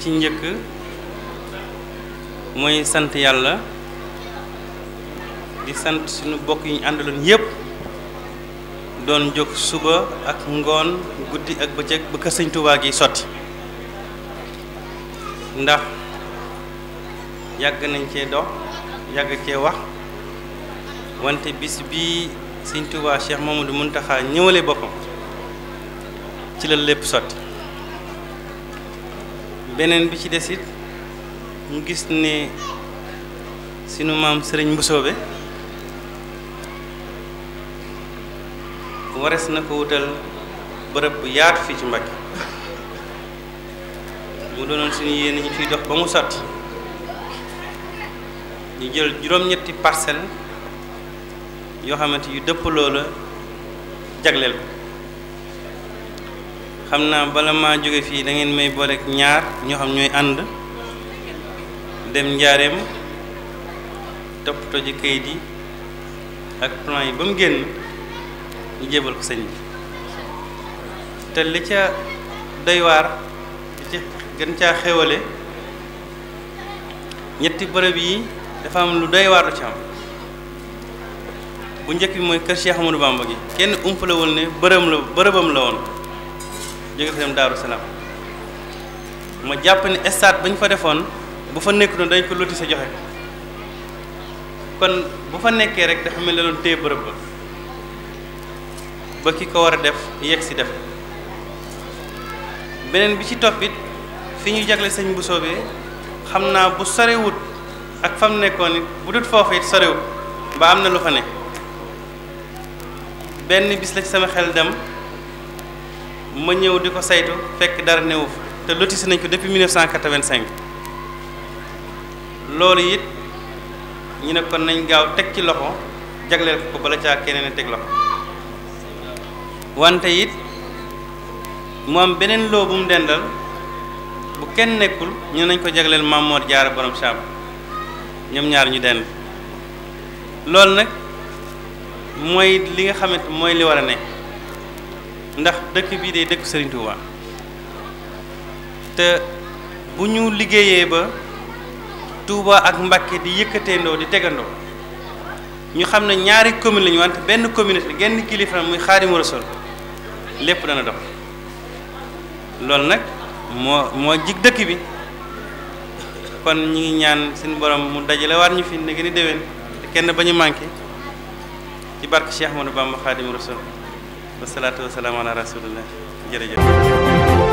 ci njëkk mooy sant yàlla di sant sunu bokk yi ñu àndaloon yépp doon jóg suba ak ngoon guddi ak bëccëg ba kër sëñ gi sotti ndax yàgg nañ cee dox yàgg cee wax wante bis bi sëñ Tuubaa Cheikh du Muntaxa ñëwale boppam ci la lépp sotti beneen bi ci des it mu gis ne sinu maam sëriñ Mbusoobe wares na ko wutal bërëb bu yaatu fii ci Mbàkke mu doonoon suñu yéene ñu ciy dox ba mu sotti ñu jël juróom-ñetti parcelle yoo xamante yu dëpp loola jagleel xam naa bala maa jóge fii da ngeen may boolek ñaar ñoo xam ñooy ànd dem njaareem toppatoo ji kayit yi ak plan yi ba mu génn ñu jébal ko sëñ bi te li ca doy waar ca gën caa xéwale ñetti bërëb yi dafa am lu doy ci am bu njëkk bi mooy kër Cheikh Amadou Bamba gi kenn umpale ne bërëm la bërëbam la woon jóge fa ma jàpp ni stade ba ñu fa defoon bu fa nekkuloon dañ ko loti sa joxe kon bu fa nekkee rek dafa mel ne loolu téye bërëb ba ba ki ko war a def yegg si def beneen bi ci toppit fi ñu jagle sëñ bu soobee xam naa bu sorewut ak fam nekkoon it bu dut foofu it sorewut ba am na lu fa ne benn bis la ci sama xel dem ma ñëw di ko saytu fekk dara néew te lotissé nañ ko mil depuis 1985 loolu it ñu ne kon nañ gaaw teg ci loxo jagleel ko bala caa keneen teg loxo wante it mu am beneen loo bu mu dendal bu kenn nekkul ñu nañ ko jagleel Mamoor Jaara borom Saam ñoom ñaar ñu dend loolu nag mooy li nga xamante mooy li war a ne ndax dëkk bii day dëkk Serigne Touba te bu ñu liggéeyee ba Touba ak Mbacké di yëkkateendoo di tegandoo ñu xam ne ñaari commune lañu wante benn communauté genn kilifa muy Xaadimu Rasuul lépp dana dox loolu nag moo moo jig dëkk bi kon ñu ngi ñaan seen borom mu dajale waat ñu fi ne gën a déwén te kenn ba ñu manqué ci barke Cheikh Ahmadou Bamba Xaadimu Rasuul wasalaatu wasalaam ala rasulillah jërëjëf